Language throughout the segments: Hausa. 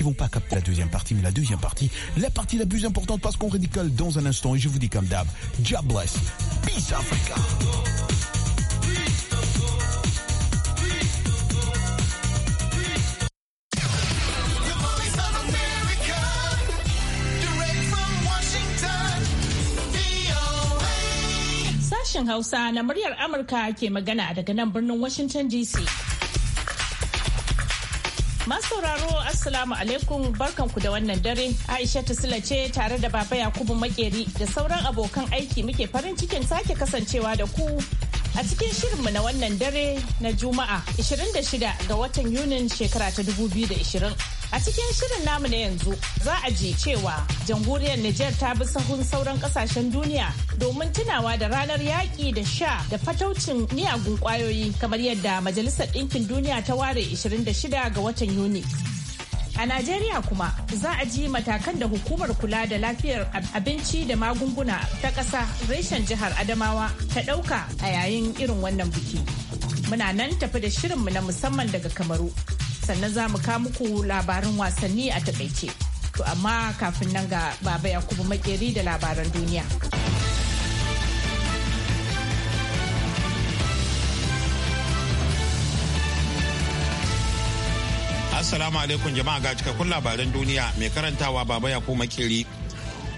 qui vont pas capter la deuxième partie, mais la deuxième partie, la partie la plus importante parce qu'on radicale dans un instant. Et je vous dis comme d'hab, God bless. Peace Africa. Sashen Hausa na muryar Amurka ke magana daga nan birnin Washington DC. Masu sauraro Assalamu alaikum barkanku da wannan dare. Aisha Sula ce tare da Baba Yakubu Makeri da sauran abokan aiki muke farin cikin sake kasancewa da ku a cikin shirinmu na wannan dare na Juma'a 26 ga watan Yunin shekara ta 2020. A cikin shirin namu na yanzu za a ji cewa jamhuriyar Nijar ta bi sahun sauran kasashen duniya domin tunawa da ranar yaƙi da sha da fataucin miyagun ƙwayoyi kamar yadda Majalisar Ɗinkin Duniya ta ware 26 ga watan Yuni. A Najeriya kuma za a ji matakan da hukumar kula da lafiyar abinci da magunguna ta ƙasa reshen jihar Adamawa ta ɗauka a yayin irin wannan biki. Muna nan tafi da shirinmu na musamman daga Kamaru. sannan za mu ka muku labarin wasanni a takaice. To amma kafin nan ga Baba Yakubu Makeri da labaran duniya. Assalamu alaikum jama'a ga cikakkun labaran duniya mai karantawa Baba Yakubu Makeri.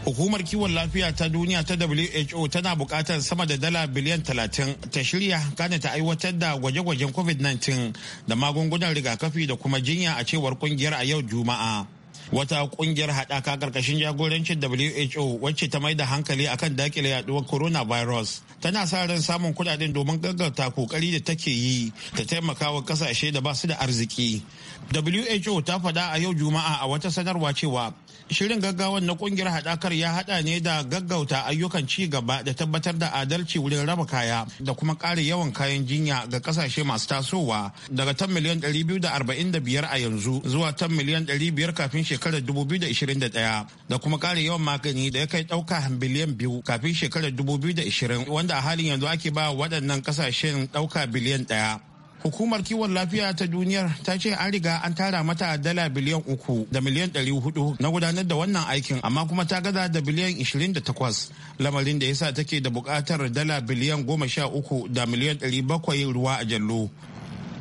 Hukumar kiwon lafiya ta duniya ta WHO tana bukatar sama da dala biliyan 30 ta shirya kana ta aiwatar da gwaje-gwajen COVID-19 da magungunan rigakafi da kuma jinya a cewar kungiyar a yau Juma'a. Wata kungiyar haɗaka karkashin jagorancin WHO wacce ta mai da hankali akan dakile yaduwar coronavirus tana sa ran samun kudaden domin gaggauta kokari da take yi ta taimaka wa ƙasashe da ba su da arziki. WHO ta faɗa a yau Juma'a a wata sanarwa cewa Shirin gaggawan na kungiyar haɗakar ya haɗa ne da gaggauta ayyukan ci gaba da tabbatar da adalci wurin raba kaya da kuma ƙara yawan kayan jinya ga ƙasashe masu tasowa daga tan miliyan 245 a yanzu zuwa tan miliyan 500 kafin shekarar 2021 da kuma ƙara yawan magani da ya kai ɗauka biliyan biyu kafin shekarar 2020 wanda a halin yanzu ake ba waɗannan ƙasashen ɗauka biliyan ɗaya. Hukumar kiwon lafiya ta duniyar ta ce an riga an tara mata dala biliyan uku da miliyan ɗari hudu na gudanar da wannan aikin amma kuma ta gaza da biliyan ishirin da takwas lamarin da yasa take da bukatar dala biliyan goma sha uku da miliyan ɗari bakwai ruwa a jallo.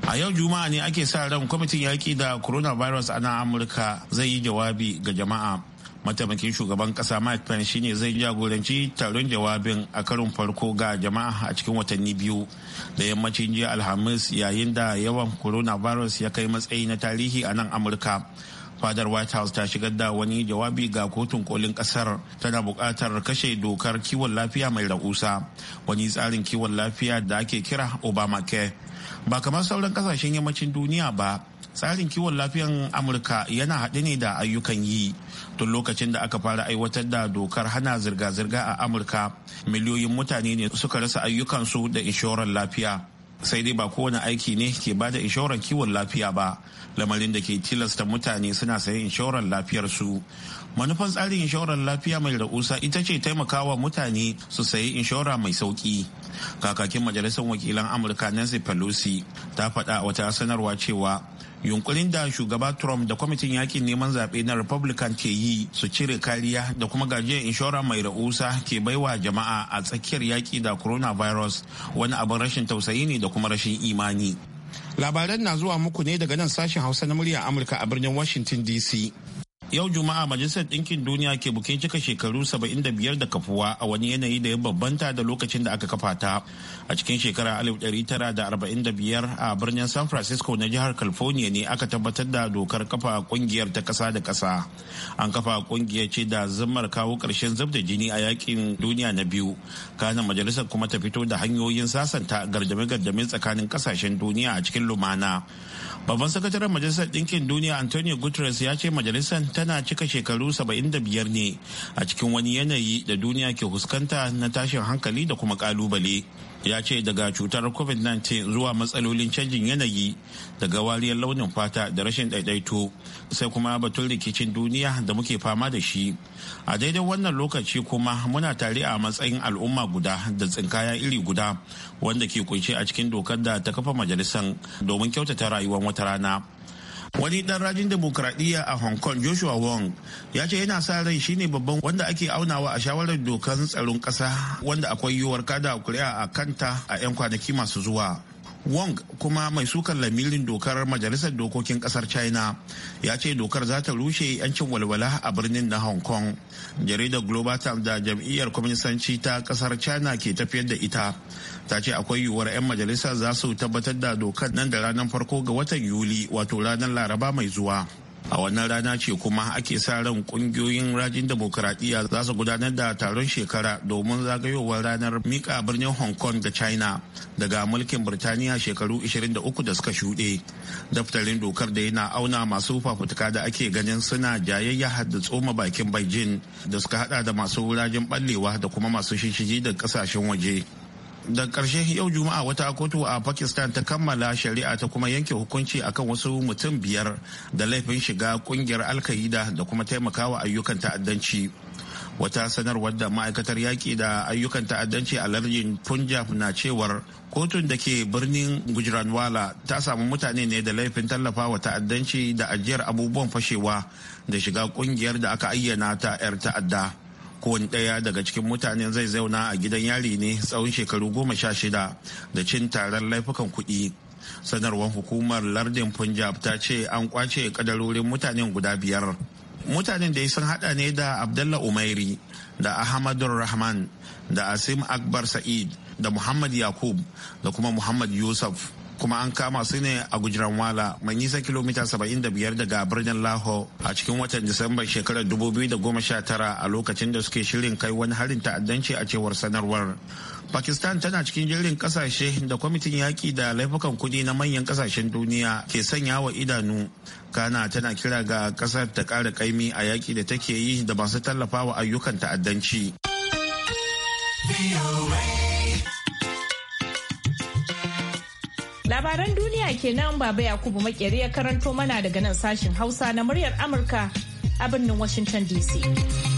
a yau juma'a ne ake sa ran kwamitin yaƙi da coronavirus a nan amurka zai yi jawabi ga jama'a mataimakin shugaban kasa mike pence shine zai jagoranci taron jawabin a karin farko ga jama'a a cikin watanni biyu da yammacin jiya alhamis yayin da yawan coronavirus ya kai matsayi na tarihi a nan amurka fadar white house ta shigar da wani jawabi ga kotun kolin kasar tana buƙatar kashe dokar kiwon lafiya mai rahusa wani tsarin kiwon lafiya da ake kira obamacare ba kamar sauran kasashen yammacin duniya ba tsarin kiwon lafiyan amurka yana haɗe ne da ayyukan yi tun lokacin da aka fara aiwatar da dokar hana zirga-zirga a amurka miliyoyin mutane ne suka rasa ayyukansu da inshorar lafiya sai dai ba kowane aiki ne ke bada inshorar kiwon lafiya ba lamarin da ke tilasta mutane suna sayan inshorar lafiyarsu manufan tsarin inshorar lafiya mai ra'usa ita ce taimakawa mutane su sayi inshora mai sauki kakakin majalisar wakilan amurka nancy pelosi ta faɗa wata sanarwa cewa yunkurin da shugaba trump da kwamitin yakin neman zaɓe na republican ke yi su cire kariya da kuma gajiyar inshora mai ra'usa ke baiwa jama'a a tsakiyar yaƙi da coronavirus wani abin rashin tausayi ne da kuma rashin imani labaran na zuwa muku ne daga nan sashen hausa na murya amurka a birnin washington dc Yau Juma'a Majalisar Ɗinkin Duniya ke bukin cika shekaru 75 da kafuwa a wani yanayi da ya babbanta da lokacin da aka kafa ta a cikin shekara 1945 a birnin San Francisco na jihar California ne aka tabbatar da dokar kafa kungiyar ta ƙasa da ƙasa. An kafa kungiyar ce da zammar kawo ƙarshen zub da jini a yakin duniya na biyu. kanan majalisar kuma ta fito da hanyoyin sasanta gardame-gardame tsakanin ƙasashen duniya a cikin lumana. Babban sakataren Majalisar Dinkin Duniya Antonio Guterres ya ce majalisar tana cika shekaru 75 ne a cikin wani yanayi da duniya ke fuskanta na tashin hankali da kuma kalubale. ya ce daga cutar covid-19 zuwa matsalolin canjin yanayi daga wariyar launin fata da rashin daidaito sai kuma batun rikicin duniya da muke fama da shi a daidai wannan lokaci kuma muna tare a matsayin al'umma guda da tsinkaya iri guda wanda ke kunshe a cikin dokar da ta kafa majalisar domin kyautata rayuwar wata rana wani dan rajin demokradiyya a hong kong joshua wong ya ce yana sa rai shine babban wanda ake aunawa a shawarar dokar tsaron kasa wanda akwai yiwuwar kada kuri'a a kanta a 'yan kwanaki masu zuwa wong kuma mai sukan lamirin dokar majalisar dokokin kasar china ya ce dokar za ta rushe 'yancin walwala a birnin na hong kong jaridar global times da jam'iyyar kwaminisanci ta kasar china ke tafiyar da ita ta ce akwai yiwuwar 'yan majalisa za su tabbatar da dokar nan da ranar farko ga watan yuli wato ranar laraba mai zuwa a wannan rana ce kuma ake sa ran kungiyoyin rajin demokuraɗiyya za su gudanar da taron shekara domin zagayowar ranar mika birnin hong kong da china daga mulkin birtaniya shekaru 23 da suka shuɗe daftarin dokar da yana auna masu fafutuka da ake ganin suna jayayya da tsoma bakin beijing da suka hada da masu rajin ballewa da kuma masu shishiji da kasashen waje da ƙarshe yau juma'a wata kotu a pakistan ta kammala shari'a ta kuma yanke hukunci akan wasu mutum biyar da laifin shiga kungiyar alkaida da kuma taimakawa ayyukan ta'addanci wata sanarwar da ma'aikatar yaƙi da ayyukan ta'addanci a lardin punjab na cewar kotun da ke birnin gujranwala ta samu mutane ne da laifin tallafa wa ta'addanci da ajiyar abubuwan fashewa da shiga kungiyar da aka ayyana ta 'yar ta'adda kowane ɗaya daga cikin mutane zai zauna a gidan yari ne tsawon shekaru goma sha shida da cin taron laifukan kuɗi sanarwar hukumar lardin punjab ta ce an kwace kadarorin mutanen guda biyar mutanen da sun hada ne da abdalla umairi da ahmadur rahman da asim akbar sa'id da muhammad yakub da kuma muhammad yusuf kuma an kama su ne a wala mai nisa kilomita 75 daga birnin laho a cikin watan Disamba shekarar 2019 a lokacin da suke shirin kai wani harin ta'addanci a cewar sanarwar. Pakistan tana cikin jirgin kasashe da kwamitin yaƙi da laifukan kuɗi na manyan kasashen duniya ke sanya wa idanu. Kana tana kira ga ƙasar ta ƙara kaimi a yaƙi da take yi da masu tallafawa ayyukan ta'addanci. Labaran duniya kenan Baba Yakubu Makeri ya karanto mana daga nan sashin Hausa na muryar Amurka a birnin Washington DC.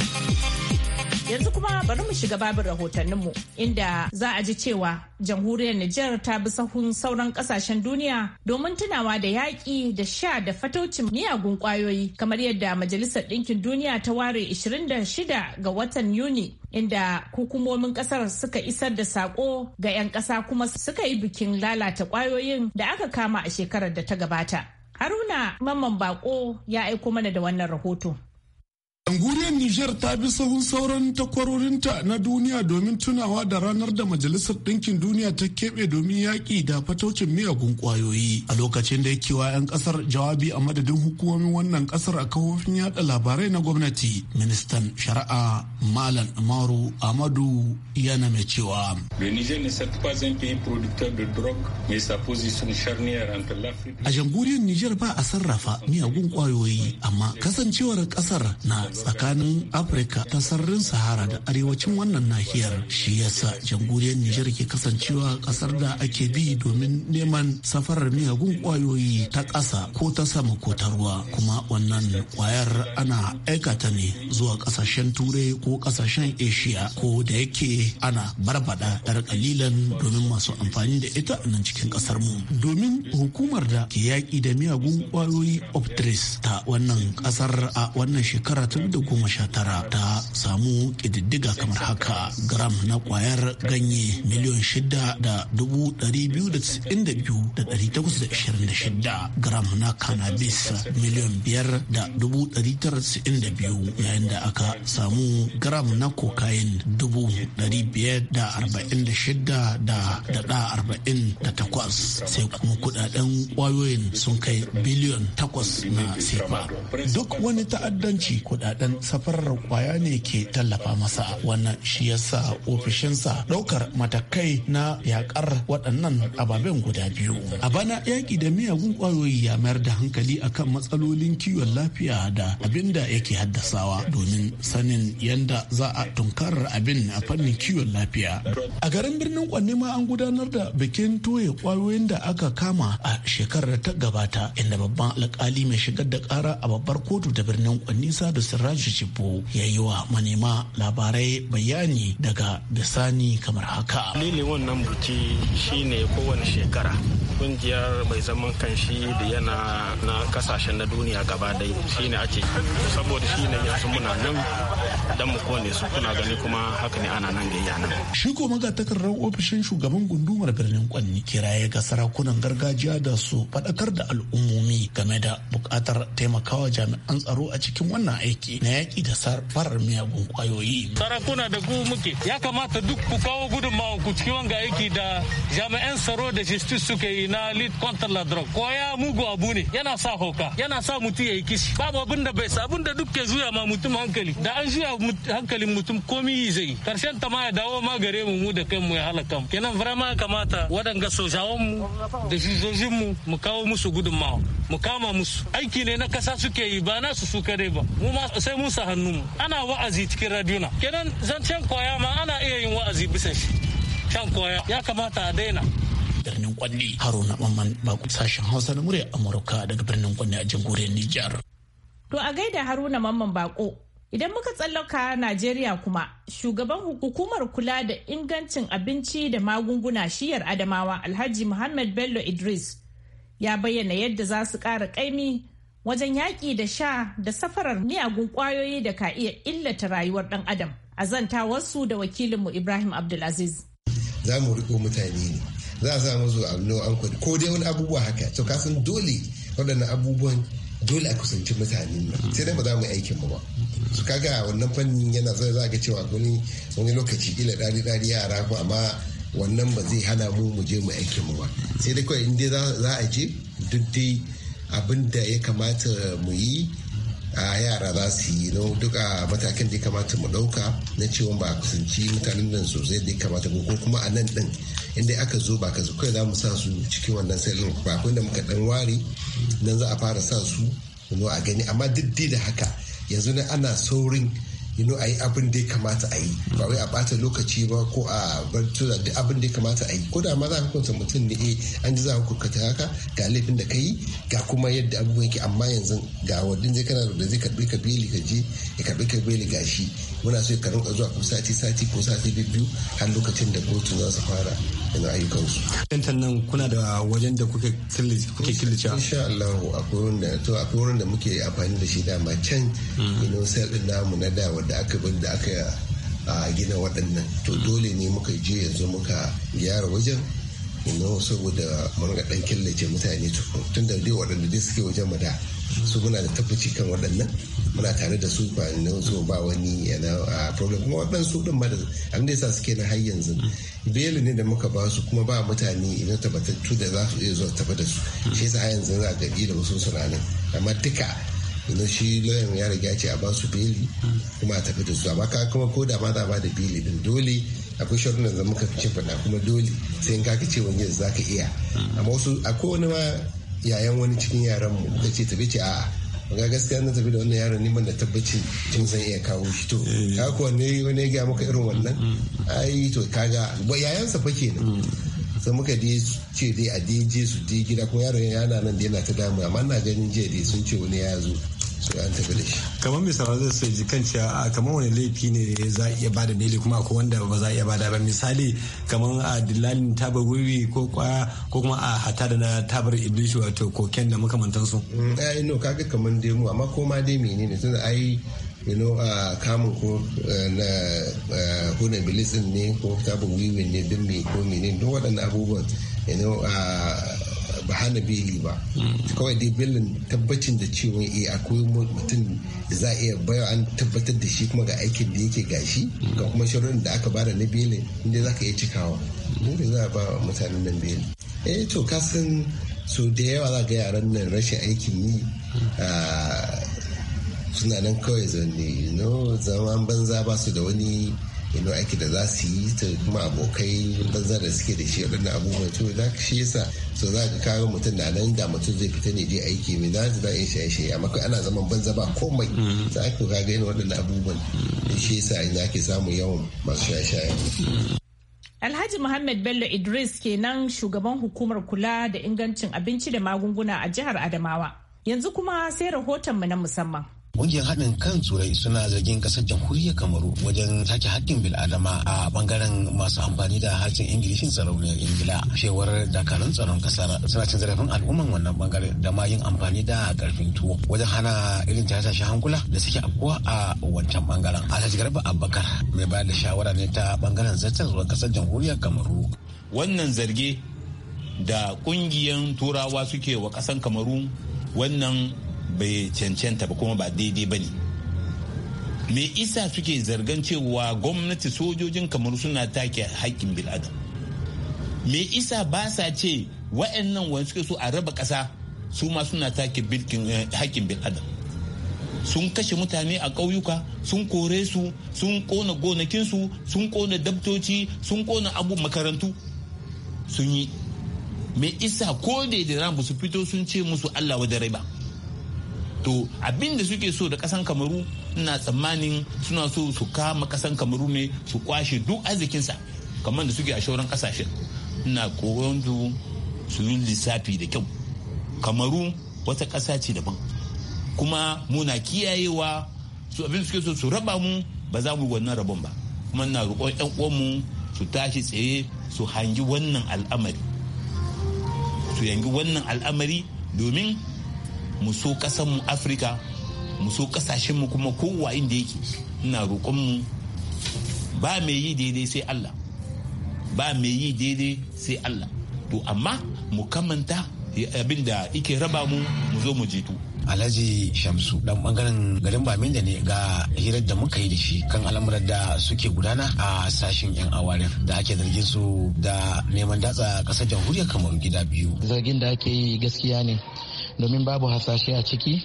Yanzu kuma bari mu shiga babin rahotanninmu inda za a ji cewa jamhuriyar Nijar ta bi sahun sauran kasashen duniya domin tunawa da yaƙi da sha da fatocin miyagun ƙwayoyi kamar yadda Majalisar Ɗinkin Duniya ta ware 26 ga watan Yuni inda hukumomin ƙasar suka isar da saƙo ga 'yan ƙasa kuma suka yi bikin lalata ƙwayoyin da aka kama a shekarar da ta gabata. Haruna Mamman Bako ya aiko mana da wannan rahoto. Jamhuriyar Nijar ta bi sahun sauran takwarorinta na duniya domin tunawa da ranar da Majalisar Ɗinkin Duniya ta keɓe domin yaƙi da fatocin miyagun ƙwayoyi. A lokacin da yake wa 'yan ƙasar jawabi a madadin hukumomin wannan ƙasar a kafofin yada labarai na gwamnati, ministan shari'a Malam Umaru Amadu yana mai cewa. A jamhuriyar Nijar ba a sarrafa miyagun ƙwayoyi, amma kasancewar ƙasar na tsakanin afirka ta sararin sahara da arewacin wannan nahiyar shi yasa jamhuriyar nijar ke kasancewa kasar da ake bi domin neman safarar miyagun kwayoyi ta ƙasa ko ta sama ko ta ruwa kuma wannan kwayar ana aikata ne zuwa ƙasashen turai ko ƙasashen asia ko da yake ana barbada yar kalilan domin masu amfani da ita a nan cikin ƙasar mu domin hukumar da ke yaƙi da miyagun kwayoyi optris ta wannan ƙasar a wannan shekara ta 2019 ta samu kididdiga kamar haka gram na kwayar ganye miliyon 6,292,826 gram na cannabis miliyon biyu yayin da aka samu gram na cocaine takwas, sai kuma kudaden kwayoyin sun kai biliyon takwas na sefa duk wani ta'addanci kudaden kudaden safarar kwaya ne ke tallafa masa wannan shi yasa ofishinsa ɗaukar matakai na yakar waɗannan ababen guda biyu a bana yaki da miyagun kwayoyi ya mayar da hankali akan matsalolin kiwon lafiya da abin da yake haddasawa domin sanin yadda za a tunkarar abin a fannin kiwon lafiya a garin birnin kwanne ma an gudanar da bikin toye kwayoyin da aka kama a shekarar ta gabata inda babban alkali mai shigar da kara a babbar kotu da birnin kwanne sadu Rajijibu ya yi wa manema labarai bayani daga bisani kamar haka. Lili wannan buki shine kowane shekara. Kungiyar mai zaman kanshi da yana na kasashen na duniya gaba dai shine ake saboda shine yanzu muna nan dan mu kone su kuna gani kuma haka ne ana nan gayya nan. Shi ko takarar ofishin shugaban gundumar birnin Kwanni kiraye ga sarakunan gargajiya da su faɗakar da al'ummomi game da buƙatar taimakawa jami'an tsaro a cikin wannan aiki yaki na yaki da sarfar miyagun kwayoyi. Sarakuna da ku muke ya kamata duk ku kawo gudunmawa ku cikin wanga aiki da jami'an tsaro da justice suke yi na lead contre la drug. Ko ya mugu abu ne yana sa hoka yana sa mutum ya yi kishi babu abin da bai abin da duk ke zuya ma mutum hankali da an zuya hankalin mutum komi yi zai karshen ta ma ya dawo ma gare mu mu da kanmu ya halaka mu kenan vraiment kamata waɗanga sojawan mu da shizojin mu mu kawo musu gudunmawa. mu kama musu aiki ne na kasa suke yi ba nasu su kadai ba mu ma sai mun sa hannu ana wa'azi cikin radiona kenan zancen koya ma ana iya yin wa'azi bisa shi shan koya ya kamata a daina birnin kwanni haruna mamman baku sashen hausa na murya amurka daga birnin kwanni a jamhuriyar nijar to a gaida haruna mamman bako Idan muka tsallaka Najeriya kuma, shugaban hukumar kula da ingancin abinci da magunguna shiyar Adamawa Alhaji Muhammad Bello Idris ya bayyana yadda za su kara kaimi wajen yaƙi da sha da safarar miyagun kwayoyi da ka iya illata rayuwar ɗan adam a zantawarsu da wakilinmu ibrahim abdulaziz za mu riko mutane ne za a sa musu allo an ko dai wani abubuwa haka to kasan dole waɗannan abubuwan dole a kusanci mutane sai dai ba za mu aikin ba su kaga wannan fannin yana zai za ga cewa wani lokaci kila ɗari ɗari yara ko amma wannan ba zai hana mu mu je mu aiki mu ba sai dai kawai inda za a je duk dai abin da ya kamata mu yi a yara za su yi no duk a matakin da ya kamata mu dauka na cewa ba a kusanci mutanen nan sosai da ya kamata ko kuma a nan din inda aka zo ba ka zo kawai za mu sa su cikin wannan sai ba kun da muka dan ware nan za a fara sa su a gani amma duk da haka yanzu na ana saurin yi know a yi abin da ya kamata a yi ba wai a bata lokaci ba ko a bar tura da abin da ya kamata a yi ko da ma za ka hukunta mutum ne eh an ji za ka hukunta haka ga laifin da ka yi ga kuma yadda abubuwan yake amma yanzu ga wadin zai kana da zai karbi ka beli ka je ya karbi ka beli ga shi muna so ka rinka zuwa kuma sati sati ko sati biyu biyu har lokacin da kotu za su fara yana ayyukansu. Tantan nan kuna da wajen da kuke killace? Insha Allah akwai wurin da muke amfani da shi dama can ino mm. sel ɗin namu na dawa. wanda aka bin da aka gina waɗannan to dole ne muka je yanzu muka gyara wajen ino saboda mun ga dan killace mutane tun da dai waɗanda dai suke wajen mada su muna da tabbaci kan waɗannan muna tare da su ba ne su ba wani yana problem kuma waɗansu ɗin ma da abin da yasa suke na har yanzu beli ne da muka ba su kuma ba mutane idan tabbatattu da za su iya zuwa tafi da su shi yasa har yanzu za ga da wasu suna nan amma duka yanzu shi lauyan ya riga ce a basu beli kuma a tafi da su amma ka kuma ko da ma za ba da beli din dole akwai sharuɗan da muka ce fada kuma dole sai in ka ce wani za ka iya amma wasu ko wani ma yayan wani cikin yaran mu muka ce tafi ce a'a ga gaskiya na tafi da wannan yaron ni ban da tabbaci jin zan iya kawo shi to eh. ka ko ne wani ya ga maka irin wannan mm, mm, mm. ai to kaga yayan sa fa kenan sai muka je ce dai a dai je su je gida ko yaron yana nan da yana ta damu amma na ganin jiya dai sun ce wani ya zo su an tafi da shi kamar misali zai sai ji kan cewa kamar wani laifi ne za a iya bada beli kuma akwai wanda ba za a iya bada ba misali kamar a dillalin tabar wiwi ko kwaya ko kuma a hata da na tabar iblisu wato koken da makamantansu. Mm, eh ino kaga kamar demu mu amma ko ma dai menene tunda ai you know a kamun ko eh, na huna eh, bilisin ne ko tabin wiwin ne din me ko mene don waɗannan abubuwan you know ba hana beli ba mm. kawai dai belin tabbacin da cewa eh akwai mutum da za a iya bayan an tabbatar da shi kuma ga aikin da yake gashi mm. ga kuma shirin da aka bada na belin inda za ka iya cikawa mm. dole za a ba mutanen nan beli eh to kasan so da yawa za ga yaran nan rashin aikin yi suna nan kawai no zaman banza ba su da wani ino aiki da za su yi ta kuma abokai banza da suke da shi waɗannan abubuwan to za ka shi yasa so za ka kawo mutum na nan da mutum zai fita ne je aiki mai za za yi shaye shaye amma ana zaman banza ba komai mm-hmm. za a ka ga yin waɗannan abubuwan mm-hmm. shi yasa ina ake samu yawan masu shaye shaye. Mm-hmm. Alhaji Muhammad Bello Idris kenan shugaban hukumar kula da ingancin abinci da magunguna a jihar Adamawa. Yanzu kuma sai rahotonmu na musamman. Ƙungiyar haɗin kan Turai suna zargin ƙasar jamhuriyar Kamaru wajen take haƙƙin bil'adama a ɓangaren masu amfani da harshen Ingilishin sarauniyar Ingila. shewar dakarun tsaron ƙasar suna cin zarafin al'umman wannan ɓangare da ma yin amfani da ƙarfin tuwo wajen hana irin tashe hankula da suke afkuwa a wancan ɓangaren. Alhaji Garba Abubakar mai bayar da shawara ne ta ɓangaren zartarwar ƙasar jamhuriyar Kamaru. Wannan zarge da ƙungiyan turawa suke wa ƙasan Kamaru wannan bai cancanta ba kuma ba daidai ba ne me isa suke zargan cewa gwamnati sojojin kamar suna take haƙƙin bil'adam me isa ba sa ce wa'annan wani suke so a raba ƙasa su ma suna take eh, haƙƙin bil'adam sun kashe mutane a ƙauyuka sun kore su sun ƙona gonakinsu sun ƙona dabtoci sun ƙona abu makarantu sun yi me isa ko da su fito sun ce musu allah wa rai ba to abin da suke so da kasan kamaru ina tsammanin suna so su kama kasan kamaru ne su kwashe duk arzikinsa kamar da suke a shauran kasashen ina koyon su yi lissafi da kyau kamaru wata ƙasa ce daban kuma muna kiyayewa su abin suke so su raba mu ba za mu wannan rabon ba kuma na roƙon yan uwanmu su tashi tsaye su hangi wannan al'amari su yangi wannan al'amari domin mu so ƙasar mu afirka mu so kasashen mu kuma kowa inda yake ina roƙon mu ba mai yi daidai sai Allah ba mai yi daidai sai Allah to amma mu kamanta abin da ike raba mu mu zo mu jitu Alhaji Shamsu dan bangaren garin Baminda ne ga hirar da muka yi da shi kan al'amuran da suke gudana a sashen yan awarin da ake zargin su da neman datsa kasar jamhuriyar Kamaru gida biyu. Zargin da ake yi gaskiya ne domin babu hasashe a ciki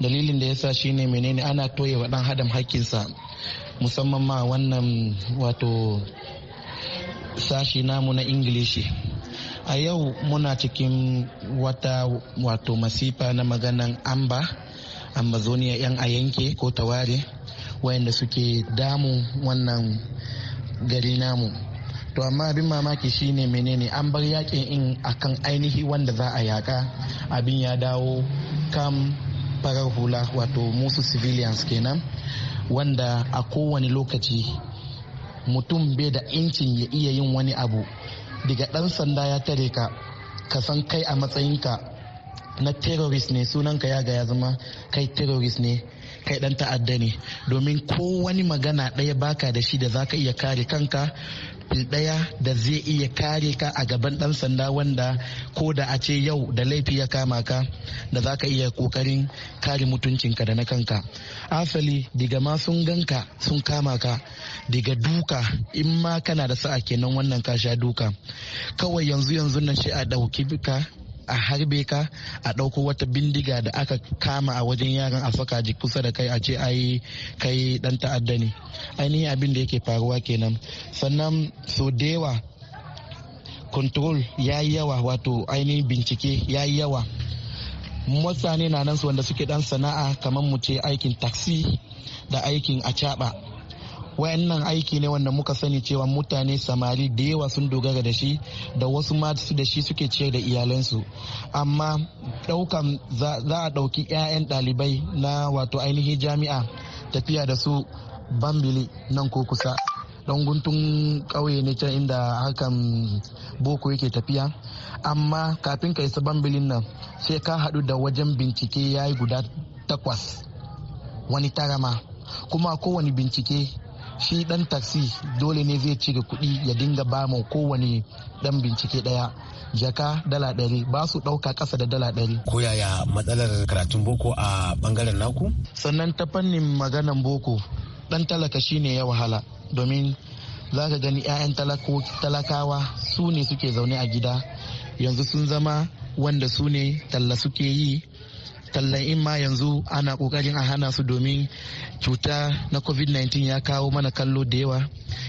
dalilin da ya sa shi ne menene ana toye wa dan adam hakkinsa musamman ma wannan wato sashi namu na ingilishi a yau muna cikin wata wato masifa na maganan amba amazonia yan a yanke ko taware wayanda suke damu wannan gari namu to amma abin mamaki shine menene an bar yakin in akan ainihi wanda za a yaka abin ya dawo kam farar hula wato musu civilians kenan wanda a kowane lokaci mutum bai da incin ya iya yin wani abu daga dan sanda ya tare ka ka san kai a matsayinka na terrorist ne sunanka ya ga ya zama kai terrorist ne kai dan ta'adda ne domin ko wani magana ɗaya baka da shi da zaka iya kare kanka kofi ɗaya da zai iya kare ka a gaban ɗan sanda wanda ko da a ce yau da laifi ya kama ka da za ka iya ƙoƙarin kare mutuncinka da na kanka asali diga ma sun ganka sun kama ka diga duka in ma kana da sa'a kenan wannan ka sha duka kawai yanzu yanzu nan shi a ɗauki ka a harbe ka a ɗauko wata bindiga da aka kama a wajen yaran a saka ji kusa da kai a ce ai kai dan ta'adda ne ainihin abin da yake faruwa kenan sannan so da yawa control ya yi yawa wato ainihin bincike ya yi yawa mutane na nan su wanda suke dan sana'a kamar mu ce aikin taxi da aikin acaba wayannan aiki ne wanda muka sani cewa mutane samari da yawa sun dogara da shi da wasu ma da shi suke ciyar da iyalansu amma daukan za a dauki 'ya'yan dalibai na wato ainihin jami'a tafiya da su bambili nan ko kusa don guntun ƙauye ne can inda hakan boko yake tafiya amma kafin ka isa bambilin nan sai ka hadu da wajen bincike ya yi guda takwas wani tarama kuma kowane bincike shi dan taxi dole ne zai ci kuɗi ya dinga ba mu kowane dan bincike daya jaka dala ɗari ba su ɗauka ƙasa da dala ɗari. ko yaya matsalar karatun boko a bangaren naku sannan ta fannin maganan boko dan talaka shine ya wahala domin za ka gani 'ya'yan talakawa su ne suke zaune a gida yanzu sun zama wanda su ne talla suke yi tallan in ma yanzu ana kokarin a hana su domin cuta na covid-19 ya kawo mana kallo da yawa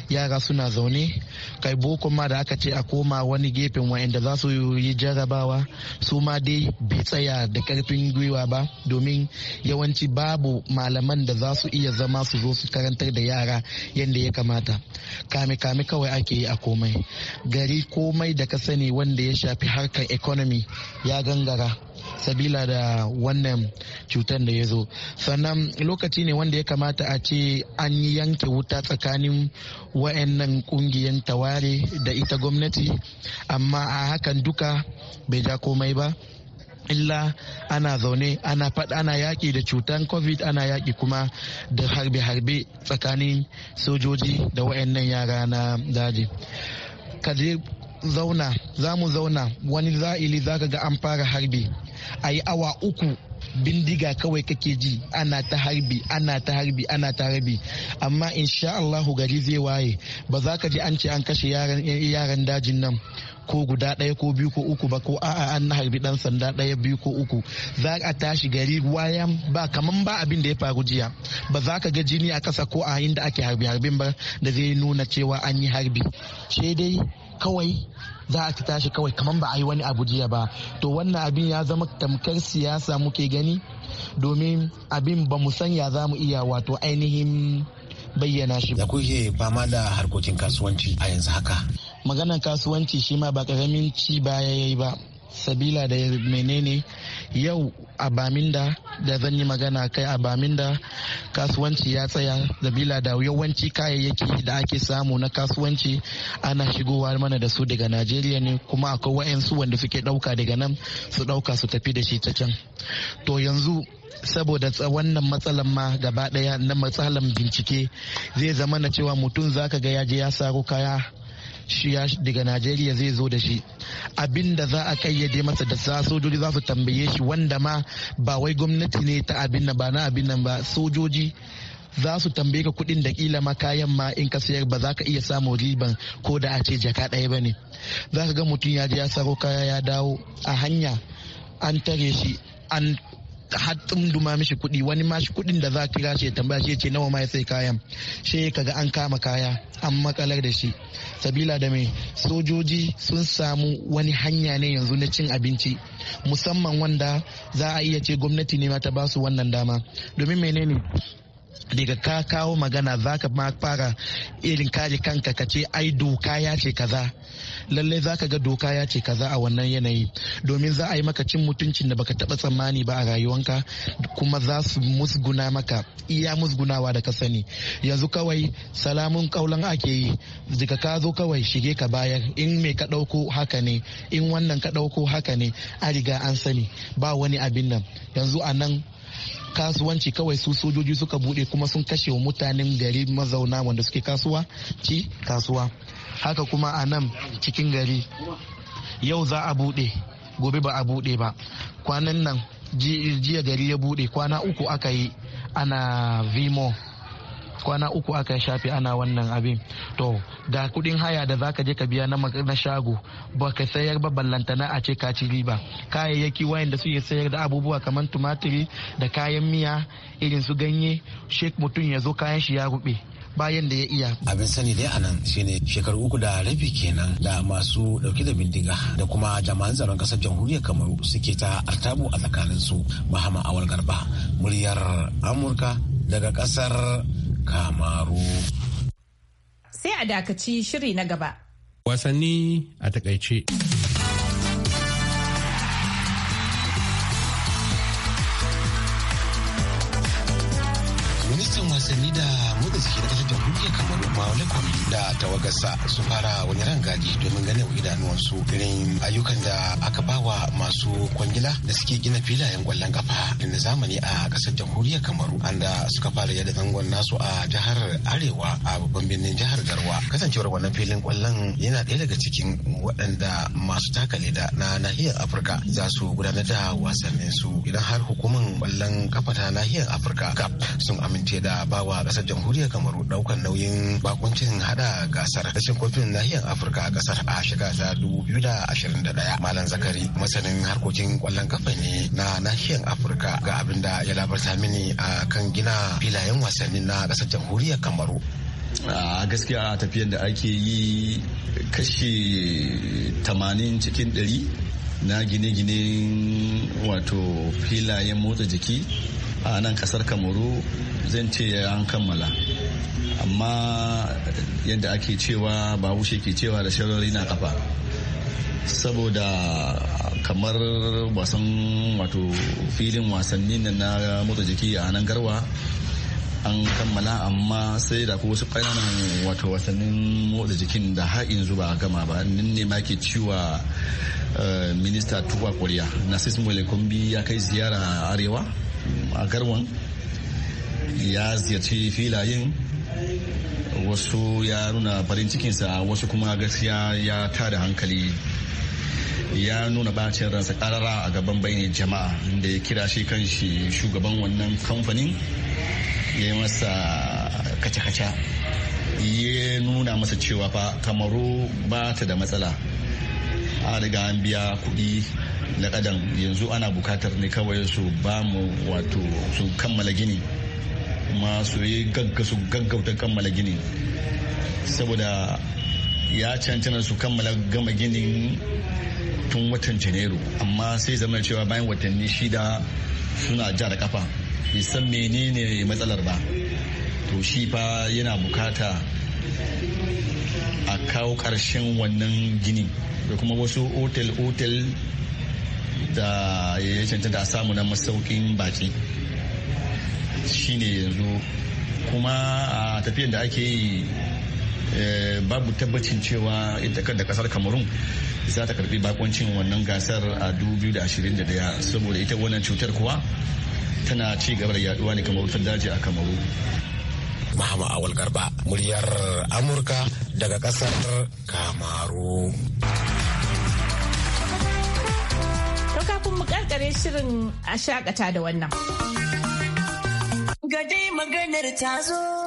yara suna zaune kai boko ma da aka ce a koma wani gefen wa'anda za su yi jarabawa su ma dai bai tsaya da karfin gwiwa ba domin yawanci babu malaman da za su iya zama su zo su karantar da yara yadda ya kamata kame kame kawai ake yi a komai gari komai da ka sani wanda ya shafi harkar economy ya gangara sabila da wannan cutar da ya zo sannan lokaci ne wanda ya kamata a ce an yi yanke wuta tsakanin wa'annan kungiyan taware da ita gwamnati amma a hakan duka bai ja komai ba illa ana zaune ana faɗa ana yaƙi da cutar covid ana yaƙi kuma da harbe-harbe tsakanin sojoji da nan yara na daji kaje zauna zamu zauna wani za'ili zaka ga an fara harbi a yi awa uku bindiga kawai kake ji ana ta harbi ana ta harbi ana ta harbi amma insha Allahu gari zai waye ba za ka ji an ce an kashe yaran dajin nan ko guda ɗaya ko biyu ko uku ba ko a'a an harbi dan sanda ɗaya biyu ko uku za a tashi gari wayan ba kaman ba abin da ya faru jiya ba za ka ga jini a kasa ko a inda ake harbi harbin ba da zai nuna cewa an yi harbi sai dai kawai za a tashi kawai kamar ba a yi wani abu jiya ba to wannan abin ya zama tamkar siyasa muke gani domin abin ba mu sanya za mu iya wato ainihin bayyana shi da kuke fama da harkokin kasuwanci a yanzu haka maganar kasuwanci shi ma ba karamin ci baya yayi ba sabila da menene yau a baminda da zan yi magana kai a baminda kasuwanci ya tsaya sabila da yawanci kayayyaki da ake samu na kasuwanci ana shigowa mana da su daga najeriya ne kuma akwai wa'yansu wanda suke ɗauka daga nan su ɗauka su tafi da shi ta can to yanzu saboda wannan matsalan ma gaba daya na matsalan bincike zai zama na cewa mutum zaka ga ya je ya saro kaya shi ya daga najeriya zai zo da shi abin da za a kayyade masa da sa sojoji za su tambaye shi wanda ma ba wai gwamnati ne ta abin ba na abin nan ba sojoji za su tambaye ka kuɗin da kila ma kayan ma in ka sayar ba za ka iya samu riban ko da a ce jaka ɗaya ba ne za ka ga mutum ya je ya saro kaya ya dawo a hanya an tare shi an har duma mishi kuɗi wani ma kuɗin da za ka kira shi ya tambaya shi ce nawa ma ya sai kayan shi ya kaga an kama kaya an makalar da shi sabila da mai sojoji sun samu wani hanya ne yanzu na cin abinci musamman wanda za a iya ce gwamnati ne ma ta basu wannan dama domin menene daga ka kawo magana za ka ma fara irin kare kanka ka ce ai doka ya ce kaza lallai za ka ga doka ya ce kaza a wannan yanayi domin za a yi maka cin mutuncin da baka taba tsammani ba a rayuwanka kuma za su musguna maka iya musgunawa da ka sani yanzu kawai salamun kaulan ake yi daga ka zo kawai shige ka bayar in me ka ɗauko haka ne in wannan ka ɗauko haka ne a riga an sani ba wani abin nan yanzu a nan kasuwanci kawai su sojoji suka bude kuma sun kashe wa mutanen gari mazauna wanda suke kasuwa ci kasuwa haka kuma a nan cikin gari yau za a bude gobe ba a bude ba kwanan nan jiya gari ya bude kwana uku aka yi ana vimo kwana uku aka shafe ana wannan abin to ga kudin haya da zaka je ka biya na shago ba sayar ba ballantana a ce ka ci riba kayayyaki wayanda suke sayar da abubuwa kamar tumatiri da kayan miya irin su ganye shek mutum ya zo kayan shi ya rube bayan da ya iya. Abin sani dai anan shine shekaru uku da rabi kenan da masu dauke da bindiga da kuma jama'an tsaron kasar jamhuriyar kamaru suke ta artabu a tsakaninsu Mahama Awal Garba muryar Amurka daga kasar kamaru sai a dakaci shiri na gaba wasanni a takaice ministan wasanni da arziki na kasar jamhuriyar kamar mawale kwami da tawagarsa su fara wani rangaji domin ganin wa idanuwansu irin ayyukan da aka bawa masu kwangila da suke gina filayen kwallon kafa da zamani a kasar jamhuriyar kamaru anda suka fara yadda zangon nasu a jihar arewa a babban birnin jihar garwa kasancewar wannan filin kwallon yana ɗaya daga cikin waɗanda masu taka leda na nahiyar afirka za su gudanar da wasannin su idan har hukumar kwallon kafa ta nahiyar afirka cap sun amince da bawa kasar jamhuriyar kamaru daukan nauyin bakuncin hada gasar rashin kofin nahiyar afirka a kasar a shiga ta 2021 malam zakari masanin harkokin kwallon kafa ne na nahiyar afirka ga abin da ya labarta mini a kan gina filayen wasanni na kasar jamhuriyar kamaru a gaskiya a tafiyar da ake yi kashi 80 cikin 100 na gine gine wato filayen motsa jiki a nan kasar kamaru zan ce an kammala amma yadda ake cewa bahaushe ke cewa da sharori na kafa saboda kamar wasan wato filin wasanni na motsa jiki a nan garwa an kammala amma sai da wasu ƙananan wato wasannin motsa jikin da har yanzu ba gama ba nin ne ma ke ciwa eh, minista tuwa koriya na sismo ya kai ziyara arewa a garwan ya ziyarci filayen wasu ya nuna farin cikinsa wasu kuma gaskiya ya tada hankali ya nuna bacin ransa karara a gaban bayanin jama'a inda ya kira shi kan shi shugaban wannan kamfanin ya yi masa kaca-kaca ya nuna masa cewa fa kamaru ba ta da matsala a riga an biya kuɗi lakadan yanzu ana bukatar ne kawai su ba mu wato su kammala gini kuma su yi gaggauta kammala ginin saboda ya cancana su kammala gama ginin tun watan janairu amma sai zama cewa bayan watanni shida suna ja da kafa bai san menene matsalar ba to shi fa yana bukata a kawo karshen wannan ginin da kuma wasu otel-otel da ya cancanta a samu na masaukin baki shine yanzu kuma a tafiyan da ake yi eh, babu tabbacin cewa ita da kasar kamarun za ta karbi bakoncin wannan gasar a 2021 saboda ita wannan cutar kuwa tana ci gaba da yaduwa ne kamar wutar daji a kamaru Muhammad Awal Garba, muryar Amurka daga kasar Kamaru. To kafin mu karkare shirin a shakata da wannan. Gade maganar ta zo.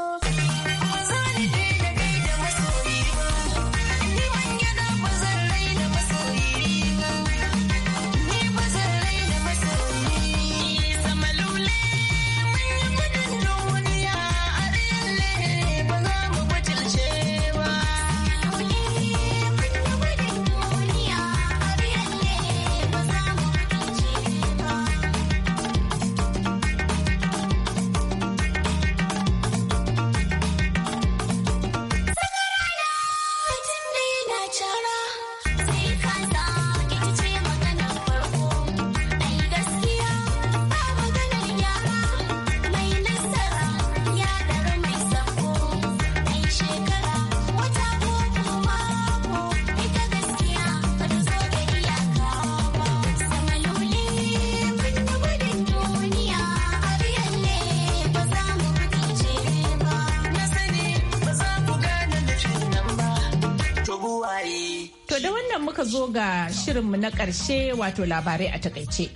ga shirinmu na ƙarshe wato labarai a takaice.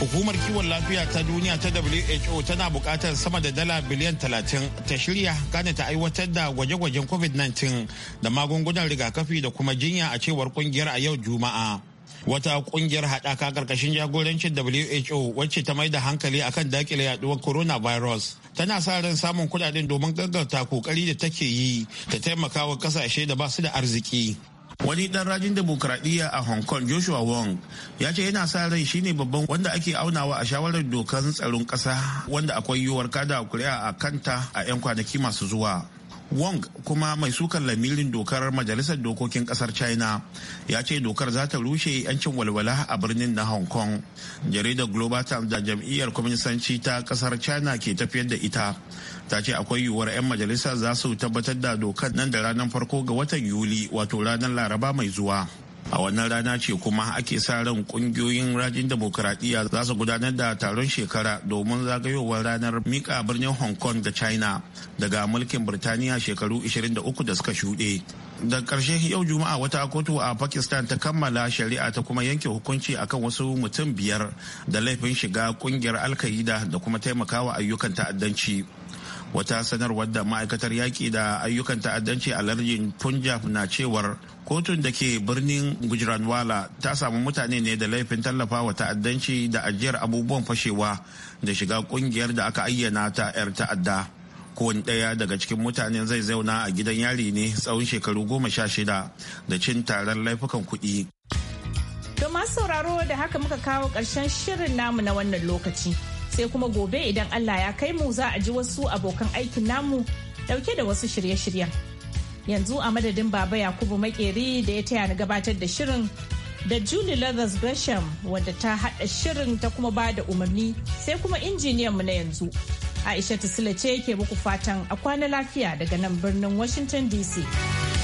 Hukumar kiwon lafiya ta duniya ta WHO tana bukatar sama da dala biliyan 30 ta shirya gane ta aiwatar da gwaje-gwajen COVID-19 da magungunan rigakafi da kuma jinya a cewar kungiyar a yau Juma'a. wata kungiyar haɗaka karkashin jagorancin who wacce ta mai da hankali akan dakile yaduwar coronavirus tana sa ran samun kudaden domin gaggauta kokari da take yi ta taimaka wa kasashe da ba su da arziki wani ɗan rajin demokuraɗiyya a hong kong joshua wong ya ce yana sa rai shine babban wanda ake aunawa a shawarar dokar tsaron ƙasa wanda akwai yiwuwar kada kuri'a a kanta a 'yan kwanaki masu zuwa Wong kuma mai sukan lamirin dokar Majalisar Dokokin Kasar China ya ce dokar za ta rushe 'yancin walwala a birnin na Hong Kong. Jaridar Global Times da jam'iyyar kwaminisanci ta kasar China ke tafiyar da ita. Ta ce akwai yiwuwar 'yan majalisa za su tabbatar da dokar nan da ranar farko ga watan Yuli wato ranar Laraba mai zuwa. a wannan rana ce kuma ake sa ran kungiyoyin rajin demokuraɗiyya za su gudanar da taron shekara domin zagayowar ranar mika birnin hong kong da china daga mulkin birtaniya shekaru 23 da suka shuɗe da ƙarshe yau juma'a wata kotu a pakistan ta kammala shari'a ta kuma yanke hukunci akan wasu mutum biyar da laifin shiga kungiyar alkaida da kuma taimakawa ayyukan ta'addanci wata sanarwar da ma'aikatar yaƙi da ayyukan ta'addanci a lardin punjab na cewar kotun da ke birnin gujranwala ta samu mutane ne da laifin tallafa wa ta'addanci da ajiyar abubuwan fashewa da shiga kungiyar da aka ayyana ta 'yar ta'adda kowane ɗaya daga cikin mutane zai zauna a gidan yari ne tsawon shekaru goma sha shida da cin taron laifukan kuɗi. To masu sauraro da haka muka kawo ƙarshen shirin namu na wannan lokaci. sai kuma gobe idan Allah ya kai mu za a ji wasu abokan aikin namu dauke da wasu shirye-shiryen. Yanzu a madadin Baba Yakubu Makeri da ya taya ni gabatar da shirin da Julie Leathers Gresham wadda ta haɗa shirin ta kuma ba da umarni sai kuma injiniyan mu na yanzu. Aisha Sule ce ke muku fatan a kwana lafiya daga nan birnin Washington DC.